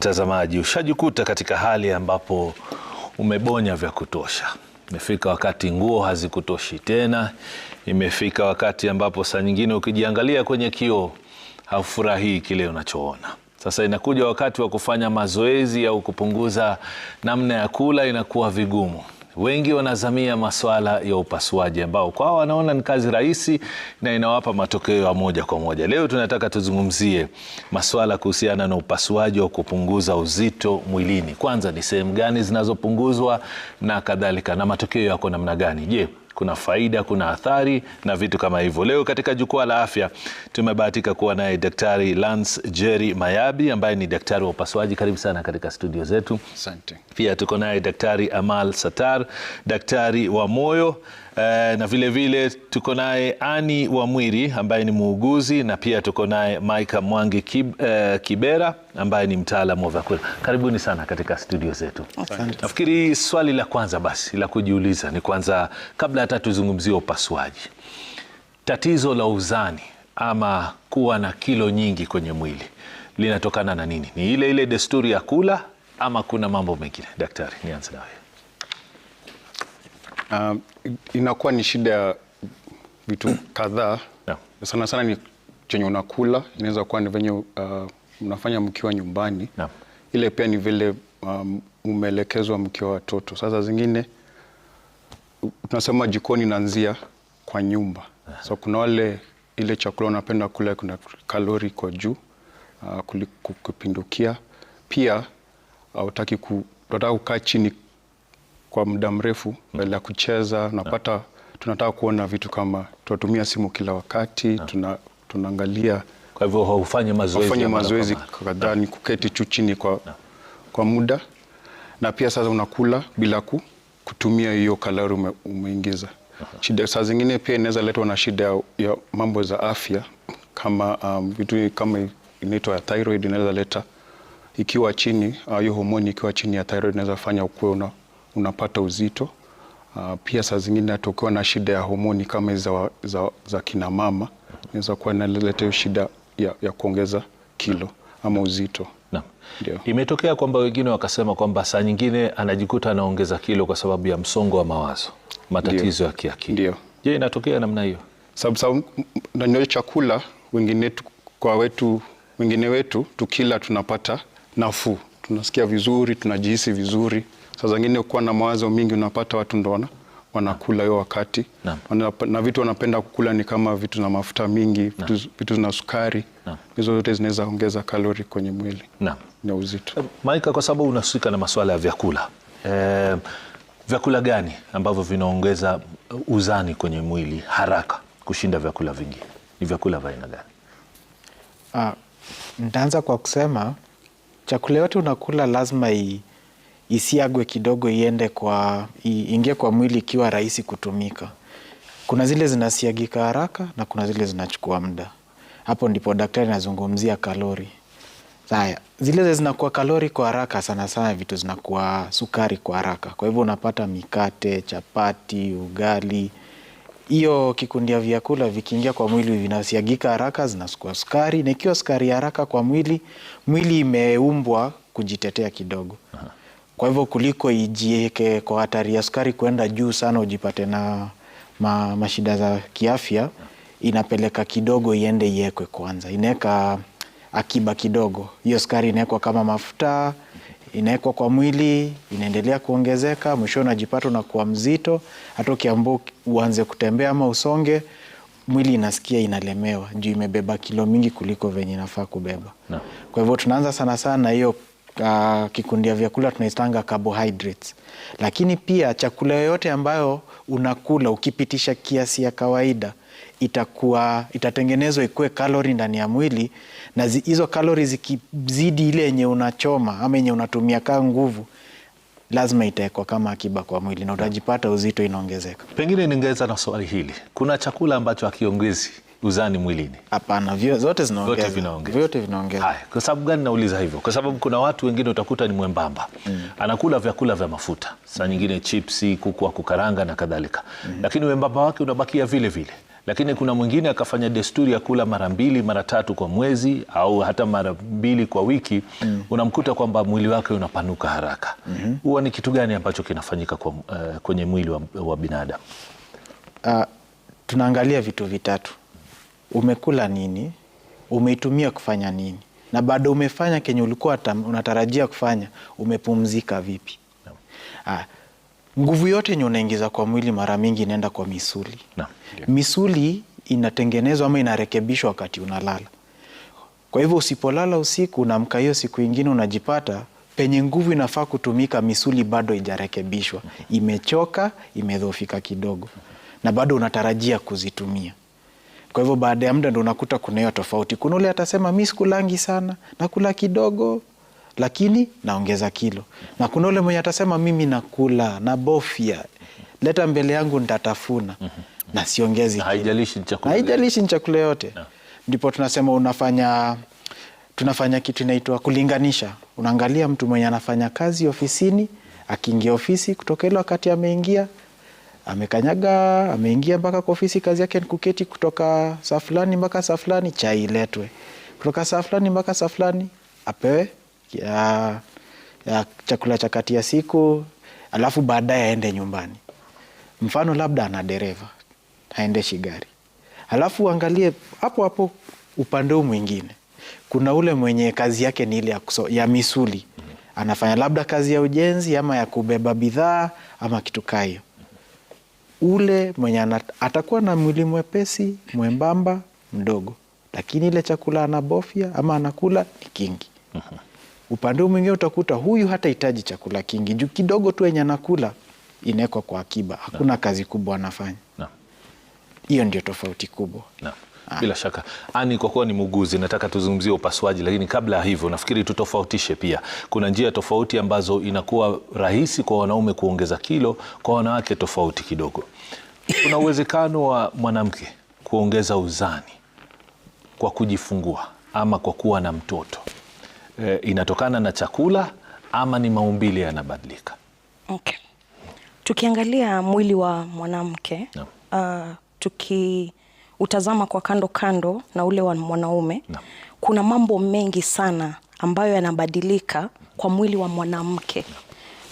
Mtazamaji, ushajikuta katika hali ambapo umebonya vya kutosha. Imefika wakati nguo hazikutoshi tena, imefika wakati ambapo saa nyingine ukijiangalia kwenye kioo haufurahii kile unachoona. Sasa inakuja wakati wa kufanya mazoezi au kupunguza namna ya kula, inakuwa vigumu wengi wanazamia masuala ya upasuaji ambao kwao wanaona ni kazi rahisi na inawapa matokeo ya moja kwa moja. Leo tunataka tuzungumzie masuala kuhusiana na upasuaji wa kupunguza uzito mwilini. Kwanza ni sehemu gani zinazopunguzwa na kadhalika, na matokeo yako namna gani? Je, kuna faida, kuna athari na vitu kama hivyo. Leo katika jukwaa la afya tumebahatika kuwa naye Daktari Lance Jerry Mayabi ambaye ni daktari wa upasuaji. Karibu sana katika studio zetu. Asante. Pia tuko naye Daktari Amal Satar, daktari wa moyo e, na vile tuko naye Ani Wamwiri ambaye ni muuguzi na pia tuko naye Maika Mwangi Kib, e, Kibera ambaye ni mtaalamu wa vyakula. Karibuni sana katika studio zetu. Nafikiri swali la kwanza basi la kujiuliza ni kwanza, kabla hata tuzungumzie upasuaji, tatizo la uzani ama kuwa na kilo nyingi kwenye mwili linatokana na nini? Ni ile ile desturi ya kula ama kuna mambo mengine? Daktari, nianze nawe. Uh, inakuwa ni shida ya vitu kadhaa yeah. Sana sana ni chenye unakula, inaweza kuwa ni venye uh, mnafanya mkiwa nyumbani yeah. Ile pia ni vile um, umeelekezwa mkiwa watoto. Sasa zingine tunasema jikoni inaanzia kwa nyumba yeah. So kuna wale ile chakula unapenda kula kuna kalori kwa juu uh, kupindukia. Pia uh, kutaka ukaa kukaa chini kwa muda mrefu badala hmm. ya kucheza napata, ah. tunataka kuona vitu kama tunatumia simu kila wakati ah. tuna, tunaangalia kwa hivyo haufanye mazoezi, haufanye mazoezi kadhaa ni ah. kuketi tu chini kwa, kwa muda na pia sasa unakula bila ku, kutumia hiyo kalori ume, umeingiza. Shida saa zingine pia inaweza letwa na shida ya, ya mambo za afya kama um, vitu kama inaitwa ya thyroid inaweza leta ikiwa chini hiyo, uh, homoni ikiwa chini ya thyroid inaweza fanya ukuwe unapata uzito. Uh, pia saa zingine atokewa na shida ya homoni kama za, za, za kina mama inaweza kuwa inaleta hiyo shida ya, ya kuongeza kilo ama uzito. Naam. Imetokea kwamba wengine wakasema kwamba saa nyingine anajikuta anaongeza kilo kwa sababu ya msongo wa mawazo, matatizo ya kiakili. Ndio. Je, inatokea namna hiyo? Sababu sababu chakula wengine kwa wetu wengine wetu tukila tunapata nafuu, tunasikia vizuri, tunajihisi vizuri Saa zingine ukiwa na mawazo mingi unapata watu ndo wana wanakula hiyo wakati na, na, na vitu wanapenda kukula ni kama vitu na mafuta mingi na, vitu zina sukari hizo zote zinaweza ongeza kalori kwenye mwili na, na uzito. Eh, Maika, kwa sababu unahusika na masuala ya vyakula e, vyakula gani ambavyo vinaongeza uzani kwenye mwili haraka kushinda vyakula vingine? Ni vyakula vya aina gani? Ah, nitaanza kwa kusema chakula yote unakula lazima i isiagwe kidogo, iende kwa iingie kwa mwili ikiwa rahisi kutumika. Kuna zile zinasiagika haraka na kuna zile zinachukua muda. Hapo ndipo daktari anazungumzia kalori. Haya, zile zinakuwa kalori kwa haraka sana sana, vitu zinakuwa sukari kwa haraka. Kwa hivyo unapata mikate, chapati, ugali, hiyo kikundi ya vyakula vikiingia kwa mwili vinasiagika haraka, zinasukua sukari, na ikiwa sukari haraka kwa mwili, mwili imeumbwa kujitetea kidogo. Aha. Kwa hivyo kuliko ijieke kwa hatari ya sukari kuenda juu sana, ujipate na ma, mashida za kiafya, inapeleka kidogo iende iekwe kwanza, inaeka akiba kidogo. Hiyo sukari inaekwa kama mafuta, inawekwa kwa mwili, inaendelea kuongezeka, mwisho unajipata unakuwa mzito, hata ukiambua uanze kutembea ama usonge mwili inasikia inalemewa juu imebeba kilo mingi kuliko venye inafaa kubeba. No. Kwa hivyo tunaanza sana sana hiyo uh, kikundi ya vyakula tunaitanga carbohydrates, lakini pia chakula yoyote ambayo unakula ukipitisha kiasi ya kawaida itakuwa itatengenezwa ikuwe kalori ndani ya mwili, na hizo kalori zikizidi ile yenye unachoma ama yenye unatumia kaa nguvu lazima itawekwa kama akiba kwa mwili na utajipata uzito inaongezeka. Pengine ningeweza na swali hili, kuna chakula ambacho hakiongezi uzani mwilini? Hapana, zote zinaongeza, vyote vinaongeza. Haya, kwa sababu gani nauliza hivyo? Kwa sababu kuna watu wengine utakuta ni mwembamba mm. anakula vyakula vya mafuta, saa mm. nyingine chipsi, kuku wa kukaranga na kadhalika mm. lakini wembamba wake unabakia vile vile lakini kuna mwingine akafanya desturi ya kula mara mbili mara tatu kwa mwezi au hata mara mbili kwa wiki mm. unamkuta kwamba mwili wake unapanuka haraka mm huwa -hmm. ni kitu gani ambacho kinafanyika kwa, uh, kwenye mwili wa, wa binadamu? Uh, tunaangalia vitu vitatu umekula nini, umeitumia kufanya nini, na bado umefanya kenye ulikuwa unatarajia kufanya, umepumzika vipi? no. ah, nguvu yote yenye unaingiza kwa mwili mara mingi inaenda kwa misuli no. misuli inatengenezwa ama inarekebishwa wakati unalala. Kwa hivyo usipolala usiku, unaamka hiyo siku ingine unajipata penye nguvu inafaa kutumika, misuli bado ijarekebishwa, mhm. imechoka, imedhoofika kidogo, na bado unatarajia kuzitumia. Kwa hivyo baada ya muda ndo unakuta kuna hiyo tofauti. Kuna ule atasema mi sikulangi sana, nakula kidogo lakini naongeza kilo, na kuna ule mwenye atasema mimi nakula bofya, leta mbele yangu ntatafuna mhm. na siongezi kilo, haijalishi ni chakula yote. Ndipo tunasema unafanya tunafanya kitu inaitwa kulinganisha. Unaangalia mtu mwenye anafanya kazi ofisini, akiingia ofisi kutoka ile wakati ameingia amekanyaga ameingia mpaka kwa ofisi, kazi yake ni kuketi kutoka saa fulani mpaka saa fulani, chai iletwe, kutoka saa fulani mpaka saa fulani apewe ya, ya chakula cha kati ya siku, alafu baadaye aende nyumbani. Mfano labda ana dereva haendeshi gari, alafu angalie hapo hapo upande huu mwingine, kuna ule mwenye kazi yake ni ile ya, ya misuli, anafanya labda kazi ya ujenzi ama ya kubeba bidhaa ama kitu kaa hiyo ule mwenye atakuwa na mwili mwepesi mwembamba mdogo, lakini ile chakula anabofya ama anakula ni kingi. uh mhm. -huh. Upande huu mwingine utakuta huyu hatahitaji chakula kingi juu kidogo tu wenye anakula inawekwa kwa akiba, hakuna no. Mhm. kazi kubwa anafanya hiyo no. Ndio tofauti kubwa no. Ah. Bila shaka Ani, kwa kuwa ni muuguzi, nataka tuzungumzie upasuaji, lakini kabla ya hivyo, nafikiri tutofautishe pia. Kuna njia tofauti ambazo inakuwa rahisi kwa wanaume kuongeza kilo, kwa wanawake tofauti kidogo. Kuna uwezekano wa mwanamke kuongeza uzani kwa kujifungua ama kwa kuwa na mtoto e, inatokana na chakula ama ni maumbile yanabadilika? Okay. Tukiangalia mwili wa mwanamke no. uh, tuki utazama kwa kando kando na ule wa mwanaume na, kuna mambo mengi sana ambayo yanabadilika kwa mwili wa mwanamke.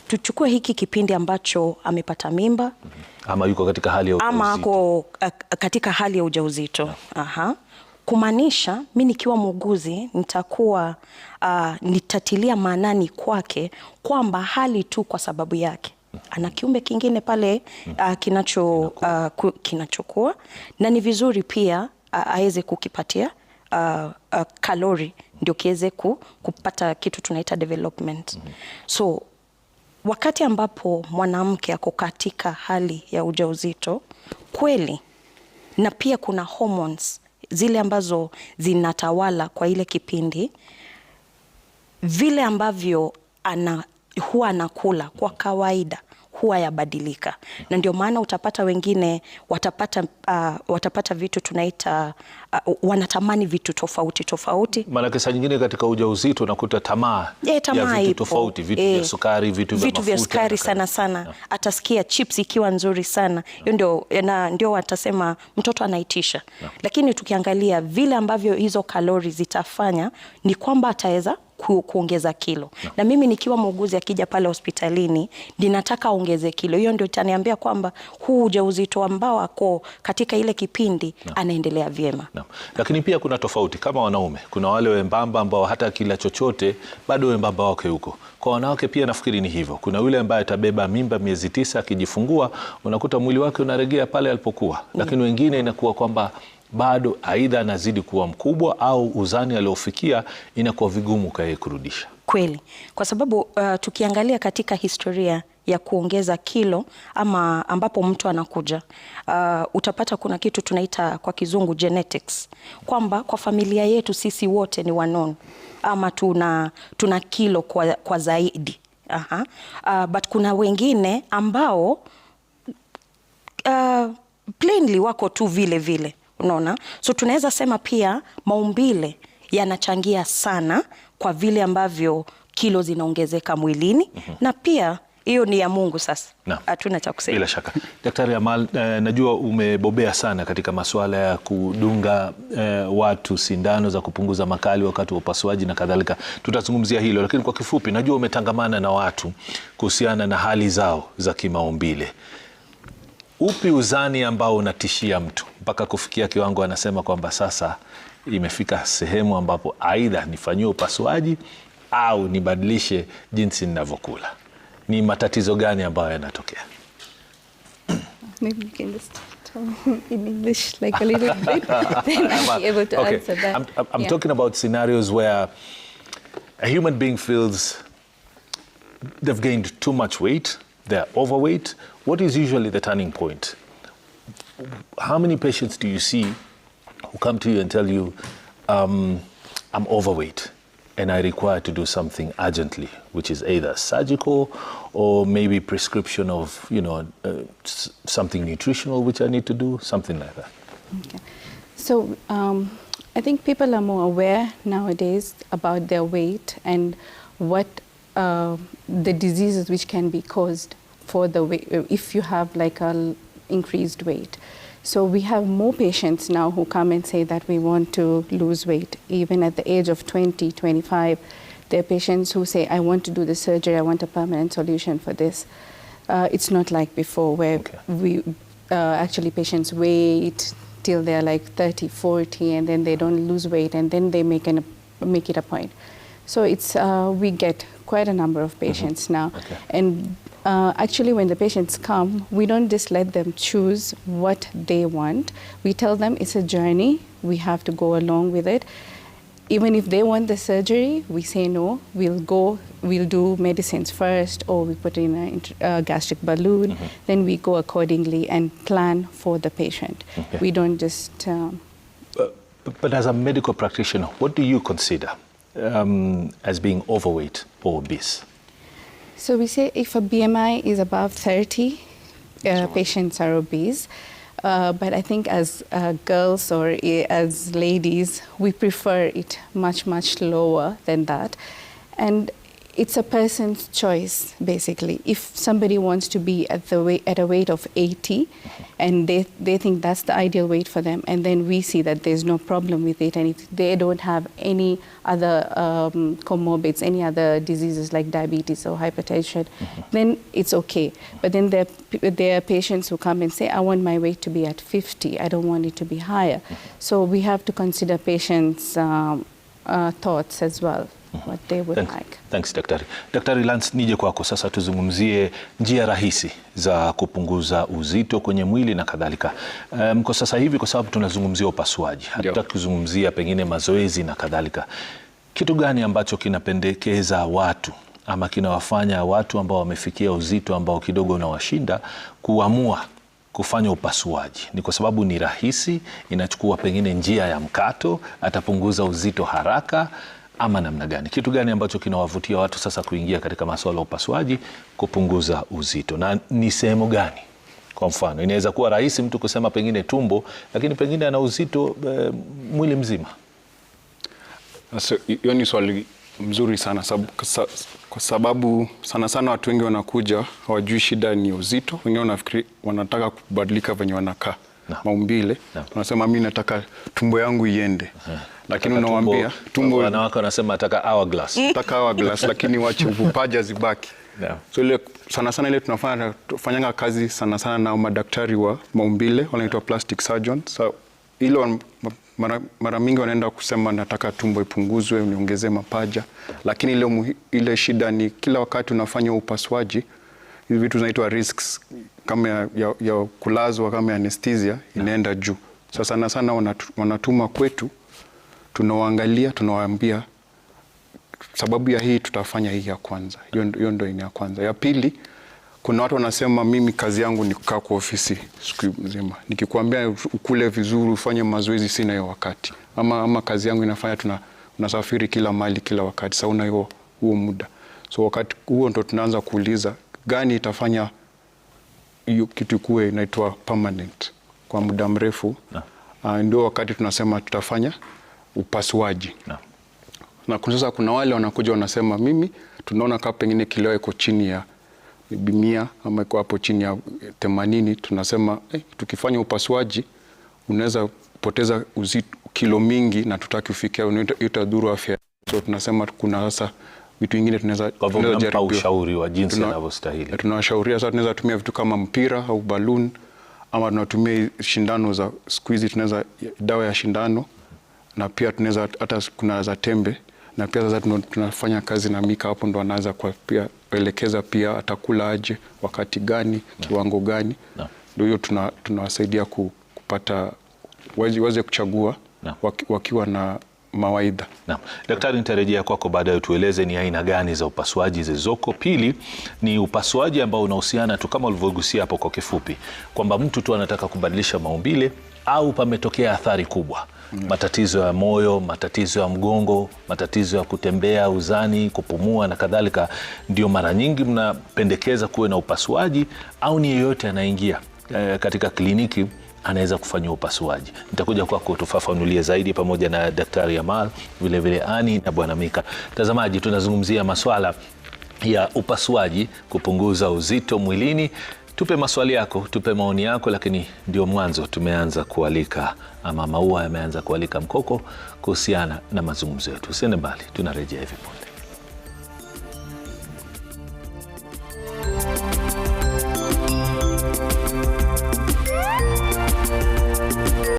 Tuchukue hiki kipindi ambacho amepata mimba mhm. ama yuko katika hali ya ujauzito, ama ako katika hali ya ujauzito. Aha, kumaanisha mi nikiwa muuguzi nitakuwa uh, nitatilia maanani kwake kwamba hali tu kwa sababu yake ana kiumbe kingine pale hmm. uh, kinacho uh, kinachokuwa na ni vizuri pia uh, aweze kukipatia uh, uh, kalori ndio kiweze ku, kupata kitu tunaita development. Mm -hmm. So wakati ambapo mwanamke ako katika hali ya ujauzito kweli, na pia kuna hormones zile ambazo zinatawala kwa ile kipindi, vile ambavyo ana huwa anakula kwa kawaida huwa yabadilika, na ndio maana utapata wengine watapata, uh, watapata vitu tunaita uh, wanatamani vitu tofauti tofauti. Maanake saa nyingine katika ujauzito unakuta tamaa e, tamaa ya vitu tofauti, vitu vya eh, sukari, vitu vya mafuta, vya sukari sana sana yeah. Atasikia chips ikiwa nzuri sana hiyo ndio, na ndio watasema mtoto anaitisha yeah. Lakini tukiangalia vile ambavyo hizo kalori zitafanya ni kwamba ataweza ku, kuongeza kilo no. Na mimi nikiwa muuguzi akija pale hospitalini ninataka aongeze kilo, hiyo ndio itaniambia kwamba huu ujauzito ambao ako katika ile kipindi no. anaendelea vyema no. Lakini pia kuna tofauti kama wanaume, kuna wale wembamba ambao hata kila chochote bado wembamba wake huko. Kwa wanawake pia nafikiri ni hivyo. Kuna yule ambaye atabeba mimba miezi tisa akijifungua, unakuta mwili wake unaregea pale alipokuwa, lakini mm. wengine inakuwa kwamba bado aidha anazidi kuwa mkubwa au uzani aliofikia inakuwa vigumu kaye kurudisha. Kweli, kwa sababu uh, tukiangalia katika historia ya kuongeza kilo ama ambapo mtu anakuja uh, utapata kuna kitu tunaita kwa kizungu genetics, kwamba kwa familia yetu sisi wote ni wanon ama tuna, tuna kilo kwa, kwa zaidi Aha. Uh, but kuna wengine ambao uh, plainly wako tu vile vile unaona. So tunaweza sema pia maumbile yanachangia sana kwa vile ambavyo kilo zinaongezeka mwilini mm -hmm. na pia hiyo ni ya Mungu sasa, hatuna cha kusema. Bila shaka Daktari Amal, uh, najua umebobea sana katika masuala ya kudunga uh, watu sindano za kupunguza makali wakati wa upasuaji na kadhalika, tutazungumzia hilo, lakini kwa kifupi, najua umetangamana na watu kuhusiana na hali zao za kimaumbile upi uzani ambao unatishia mtu mpaka kufikia kiwango anasema kwamba sasa imefika sehemu ambapo aidha nifanyie upasuaji au nibadilishe jinsi ninavyokula? Ni matatizo gani ambayo yanatokea? I'm talking about scenarios where a human being feels they've gained too much weight they're overweight. What is usually the turning point? How many patients do you see who come to you and tell you, um, I'm overweight and I require to do something urgently, which is either surgical or maybe prescription of, you know, uh, something nutritional which I need to do, something like that? Okay. So um, I think people are more aware nowadays about their weight and what um, the diseases which can be caused for the if you have like a increased weight. So we have more patients now who come and say that we want to lose weight, even at the age of 20, 25. There are patients who say, I want to do the surgery, I want a permanent solution for this. Uh, it's not like before where okay. we uh, actually patients wait till they're like 30, 40, and then they don't lose weight, and then they make, an, make it a point. So it's, uh, we get quite a number of uh-huh. patients mm -hmm. now. Okay. And uh, actually, when the patients come, we don't just let them choose what they want. We tell them it's a journey, we have to go along with it. Even if they want the surgery, we say no, we'll go, we'll do medicines first, or we put in a uh, gastric balloon, mm -hmm. then we go accordingly and plan for the patient. Okay. We don't just. Um, uh, but, but as a medical practitioner, what do you consider um, as being overweight or obese? So we say if a BMI is above 30, uh, patients are obese. Uh, but I think as uh, girls or as ladies, we prefer it much, much lower than that. And it's a person's choice, basically. If somebody wants to be at the way, at a weight of 80, and they they think that's the ideal weight for them, and then we see that there's no problem with it, and if they don't have any other um, comorbids, any other diseases like diabetes or hypertension, mm-hmm. then it's okay. But then there there are patients who come and say, I want my weight to be at 50. I don't want it to be higher. Mm-hmm. So we have to consider patients' um, uh, thoughts as well. what they would Thank, like. Thanks, Daktari. Daktari Lance, nije kwako sasa tuzungumzie njia rahisi za kupunguza uzito kwenye mwili na kadhalika. Um, kwa sasa hivi kwa sababu tunazungumzia upasuaji, hatutaki kuzungumzia pengine mazoezi na kadhalika. Kitu gani ambacho kinapendekeza watu ama kinawafanya watu ambao wamefikia uzito ambao kidogo unawashinda kuamua kufanya upasuaji? Ni kwa sababu ni rahisi, inachukua pengine njia ya mkato, atapunguza uzito haraka ama namna gani? Kitu gani ambacho kinawavutia watu sasa kuingia katika masuala ya upasuaji kupunguza uzito, na ni sehemu gani? Kwa mfano, inaweza kuwa rahisi mtu kusema pengine tumbo, lakini pengine ana uzito e, mwili mzima. Hiyo ni swali mzuri sana kwa sababu sana sana watu wengi wanakuja hawajui shida ni uzito, wengine wanafikiri wanataka kubadilika venye wanakaa maumbile, wanasema mi nataka tumbo yangu iende. -huh lakini unawaambia tumbo, wanawake wanasema ataka hourglass, ataka hourglass, lakini wache uvupaja zibaki. Yeah. So ile sana sana ile tunafanya tunafanyanga kazi sana sana na madaktari wa maumbile wanaitwa plastic surgeon. So ile mara, mara mingi wanaenda kusema nataka tumbo ipunguzwe, niongezee mapaja, lakini ile, ile shida ni kila wakati unafanya upasuaji hivi vitu zinaitwa risks kama ya, ya, ya kulazwa kama anesthesia inaenda juu. So sana sana wanatuma kwetu tunawaangalia, tunawaambia sababu ya hii tutafanya hii ya kwanza. Hiyo ndio ya kwanza. Ya pili, kuna watu wanasema mimi kazi yangu ni kukaa kwa ofisi siku mzima, nikikwambia ukule vizuri, ufanye mazoezi, sina hiyo wakati, ama, ama kazi yangu inafanya tuna unasafiri kila mali kila wakati, sasa una huo muda. So wakati huo ndo tunaanza kuuliza gani itafanya hiyo kitu kuwe inaitwa permanent kwa muda mrefu. Ah. Ah, ndio wakati tunasema tutafanya upasuaji na, na sasa kuna wale wanakuja wanasema, mimi tunaona kama pengine kilo iko chini ya mia ama iko hapo chini ya themanini. Tunasema eh, tukifanya upasuaji unaweza poteza uzito kilo mingi na tutaki ufikia utadhuru afya. So tunasema kuna sasa vitu vingine tunaweza tunaweza ushauri wa jinsi inavyostahili. Tunawashauria sasa, tunaweza tumia vitu kama mpira au balloon ama tunatumia shindano za siku hizi, tunaweza dawa ya shindano na pia tunaweza hata kuna za tembe na pia sasa tunafanya kazi na Mika hapo, ndo anaanza kwa pia elekeza pia atakula aje, wakati gani, kiwango gani, ndio hiyo tunawasaidia tuna kupata waweze kuchagua na, wakiwa na mawaidha. Naam, daktari, nitarejea kwako baadaye, tueleze ni aina gani za upasuaji zilizoko. Pili ni upasuaji ambao unahusiana tu kama ulivyogusia hapo kwa kifupi, kwamba mtu tu anataka kubadilisha maumbile au pametokea athari kubwa Yes. matatizo ya moyo, matatizo ya mgongo, matatizo ya kutembea, uzani, kupumua na kadhalika, ndio mara nyingi mnapendekeza kuwe na upasuaji au ni yeyote anaingia e, katika kliniki anaweza kufanyia upasuaji. Nitakuja kwako tufafanulie zaidi pamoja na Daktari Amal vilevile Ani na Bwana Mika. Mtazamaji, tunazungumzia maswala ya upasuaji kupunguza uzito mwilini Tupe maswali yako, tupe maoni yako, lakini ndio mwanzo tumeanza kualika ama maua yameanza kualika mkoko kuhusiana na mazungumzo yetu. Usiende mbali, tunarejea hivi punde.